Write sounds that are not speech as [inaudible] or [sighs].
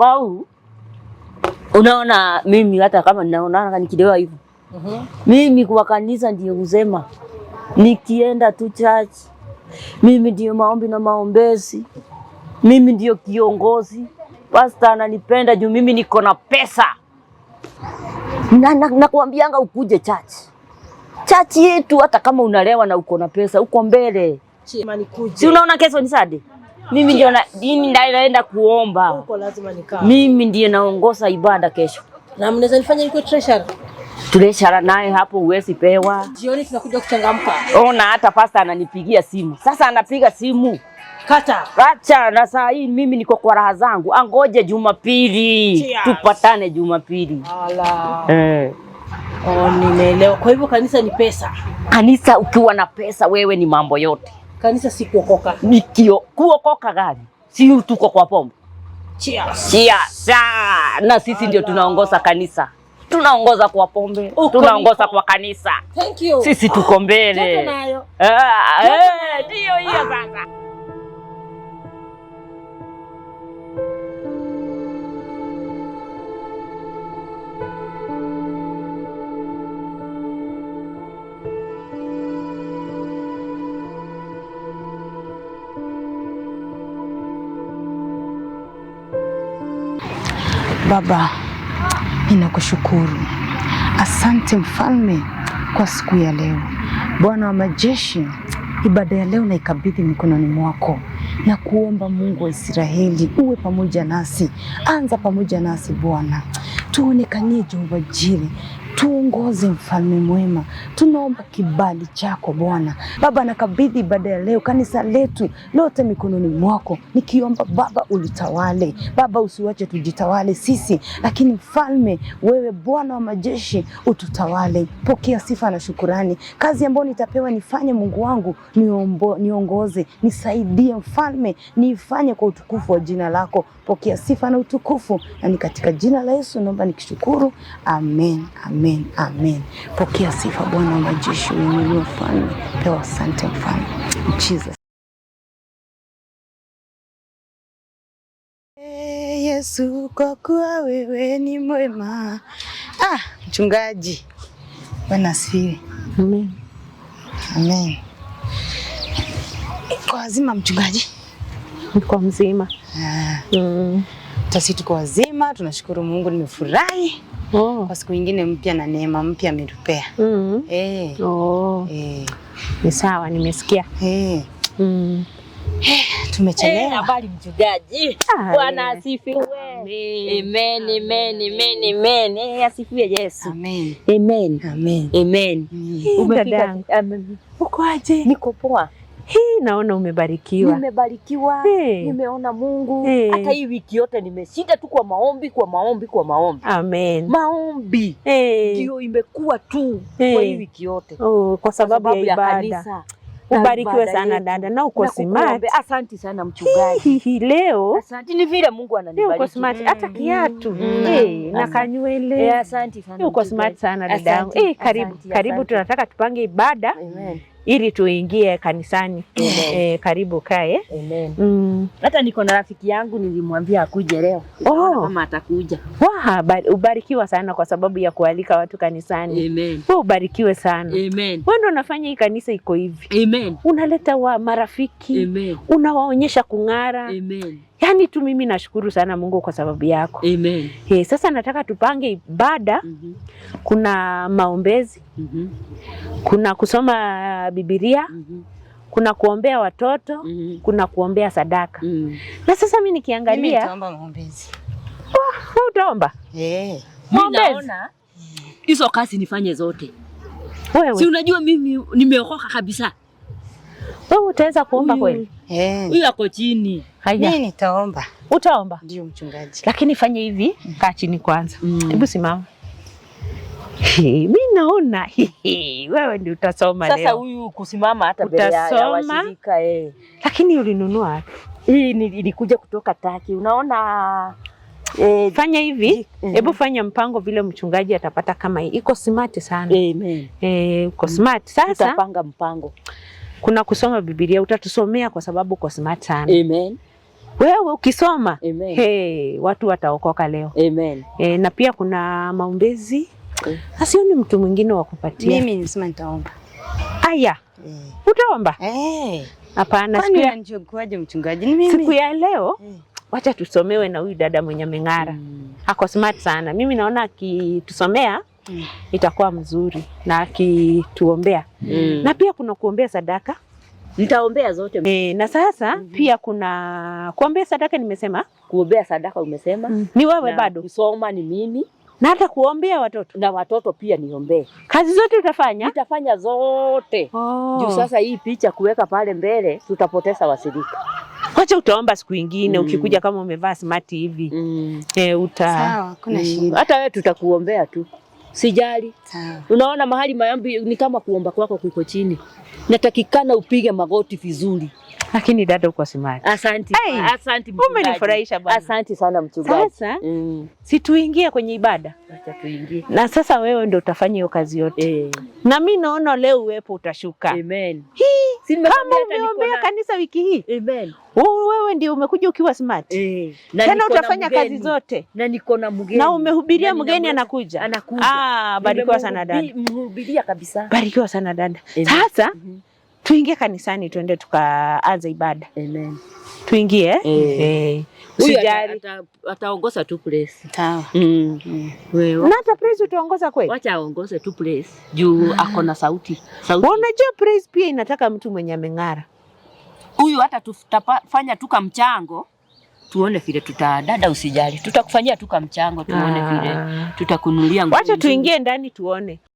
sababu unaona, mimi hata kama ninaonana nikilewa hivyo mm -hmm. mimi kwa kanisa ndiyo kusema nikienda tu church, mimi ndiyo maombi na maombezi, mimi ndiyo kiongozi, pasta ananipenda juu mimi niko na pesa. Nakwambianga na, na ukuje church, church yetu, hata kama unalewa na uko na pesa uko mbele, si unaona kesho ni Sunday mimi ndio na dini ndio naenda kuomba huko, lazima nikaa. Mimi ndio naongoza ibada kesho, na mnaweza nifanye iko treasure. Treasure naye hapo, uwezi pewa. Jioni tunakuja kuchangamka. Ona hata pasta ananipigia simu sasa, anapiga simu kata Kata na saa hii mimi niko kwa raha zangu, angoje Jumapili tupatane Jumapili. Ala. Eh. Oh, nimeelewa. Kwa hivyo kanisa ni pesa. Kanisa ukiwa na pesa wewe ni mambo yote. Kanisa si kuokoka. Ni kuokoka gani? Si tuko kwa pombe. Cheers. Na sisi ndio tunaongoza kanisa. Tunaongoza kwa pombe, tunaongoza kwa kanisa. Thank you. Sisi tuko mbele. Eh, eh, ndio hiyo bana. Baba, ninakushukuru, asante mfalme kwa siku ya leo. Bwana wa majeshi, ibada ya leo naikabidhi mikononi mwako na kuomba Mungu wa Israeli uwe pamoja nasi, anza pamoja nasi Bwana, tuonekanie Jehova Jire tuongoze mfalme mwema, tunaomba kibali chako Bwana. Baba, nakabidhi ibada ya leo, kanisa letu lote mikononi mwako, nikiomba Baba ulitawale. Baba, usiwache tujitawale sisi, lakini mfalme, wewe Bwana wa majeshi ututawale. Pokea sifa na shukurani. Kazi ambayo nitapewa nifanye, Mungu wangu, niombo, niongoze, nisaidie mfalme, niifanye kwa utukufu wa jina lako. Pokea sifa na utukufu, na ni katika jina la Yesu naomba nikishukuru, amen, amen. Amen, amen. Pokea sifa Bwana wa majeshi, uinuliwe mfalme. Pewa asante mfalme. Jesus. Ee, Yesu, kwa kuwa wewe ni mwema. Ah, mchungaji Bwana asifiwe. Amen. Amen. Kwa wazima mchungaji? Kwa mzima. Ah. Mm. Tasi, tuko wazima, tunashukuru Mungu, nimefurahi oh, kwa siku nyingine mpya na neema mpya ametupea. mm -hmm. eh. oh. eh. Ni sawa, nimesikia eh. mm. Hey, [sighs] tumechelewa. Eh, habari mchungaji. Ah, Bwana asifiwe. Amen, amen, amen, amen. Eh, asifiwe Yesu. Amen. Amen. Amen. Amen. Mm. Umefika. Ukoaje? Niko poa. Hii naona umebarikiwa. Nimebarikiwa. Hey. Nimeona Mungu. Hey. Hata hii wiki yote nimeshinda tu kwa maombi, kwa maombi, kwa maombi. Amen. Maombi. Hey. Ndio imekuwa tu hey, kwa hii wiki yote. Oh, kwa sababu, kwa sababu ya ibada. Kanisa. Ubarikiwe sana dada, na uko smart. Asante sana mchungaji. Hii hi, leo. Asante ni vile Mungu ananibariki. Uko smart hata mm. kiatu mm, eh, na kanywele. Eh, asante sana. Uko smart sana dada. Eh, karibu, asante, karibu asante. Tunataka tupange ibada. Amen ili tuingie kanisani. E, karibu kae. Mm. Hata niko na rafiki yangu nilimwambia akuje leo oh. Kama atakuja. Waha, ubarikiwa sana kwa sababu ya kualika watu kanisani. Amen. Wewe ubarikiwe sana. Amen. Wewe ndio unafanya hii kanisa iko hivi. Amen. Unaleta wa marafiki. Amen. Unawaonyesha kung'ara. Amen yani tu mimi nashukuru sana Mungu kwa sababu yako. Amen. He, sasa nataka tupange ibada. mm -hmm. Kuna maombezi. mm -hmm. Kuna kusoma Biblia. mm -hmm. Kuna kuombea watoto. mm -hmm. Kuna kuombea sadaka. mm -hmm. Na sasa mimi nikiangalia, mimi nitaomba maombezi. Oh, utaomba? Eh. Maombezi. Hizo kazi nifanye zote. Wewe. Si unajua mimi nimeokoka kabisa. Wewe utaweza kuomba mm. kweli? Eh. Huyu ako chini. Mimi nitaomba. Utaomba? Ndio mchungaji. Lakini fanya hivi, mm. Kaa chini kwanza. Mm. Hebu mm. simama. Mimi naona wewe ndio utasoma leo. Sasa huyu kusimama hata bila ya washirika eh. Lakini ulinunua wapi? Hii ilikuja kutoka Taki. Unaona eh, fanya hivi mm. hebu, fanya mpango vile mchungaji atapata. Kama hii iko smart sana e, Eh, uko smart. Sasa Utapanga mpango kuna kusoma Biblia, utatusomea kwa sababu uko smart sana. Amen. Wewe ukisoma hey, watu wataokoka leo. Amen. E, na pia kuna maombezi mm. asioni mtu mwingine wa kupatia. Mimi nisema nitaomba. Aya. Hey. Eh. Utaomba? Eh. Hapana, siku ya leo hey. Eh. Wacha tusomewe na huyu dada mwenye meng'ara. hmm. Ako smart sana. Mimi naona akitusomea mm. itakuwa mzuri na akituombea mm. na pia kuna kuombea sadaka nitaombea zote e, na sasa mm -hmm. pia kuna kuombea sadaka nimesema, kuombea sadaka umesema mm. ni wewe bado, kusoma ni mimi na hata kuombea watoto na watoto pia niombee. Kazi zote utafanya, nitafanya zote oh. Juu sasa hii picha kuweka pale mbele, tutapoteza wasirika. Wacha utaomba siku ingine mm. ukikuja kama umevaa smart hivi mm. e, uta sawa, kuna mm. shida hata wewe tutakuombea tu sijali. Unaona mahali mayambi ni kama kuomba kwako kuko chini, natakikana upige magoti vizuri. Lakini dada uko Asimati. Asante. Hey, asante mchungaji. Umenifurahisha bwana. Asante sana mchungaji. Sasa mm. situingie kwenye ibada. Acha tuingie. Na sasa wewe ndio utafanya hiyo kazi yote. Eh. Na mimi naona leo uwepo utashuka. Amen. Hii kama umeombea kanisa wiki hii. Amen. Wewe ndio umekuja ukiwa smart. Eh. Na tena utafanya mgeni. kazi zote. Na niko na mgeni. Na umehubiria mgeni anakuja. Anakuja. Ah, barikiwa sana dada. Mhubiria kabisa. Barikiwa sana dada. Sasa mm -hmm tuingie kanisani tuende tukaanze ibada. Amen. Tuingie eh. eh. eh. ataongoza tu place. Sawa. Mm, mm. Wewe. Na hata praise utaongoza kweli? Wacha aongoze tu place. Juu ako na sauti. Sauti. Unajua praise pia inataka mtu mwenye ameng'ara. Huyu hata tutafanya tuka mchango tuone vile tutadada, usijali, tutakufanyia tuka mchango tuone ah. vile tutakunulia. Wacha tuingie ndani tuone.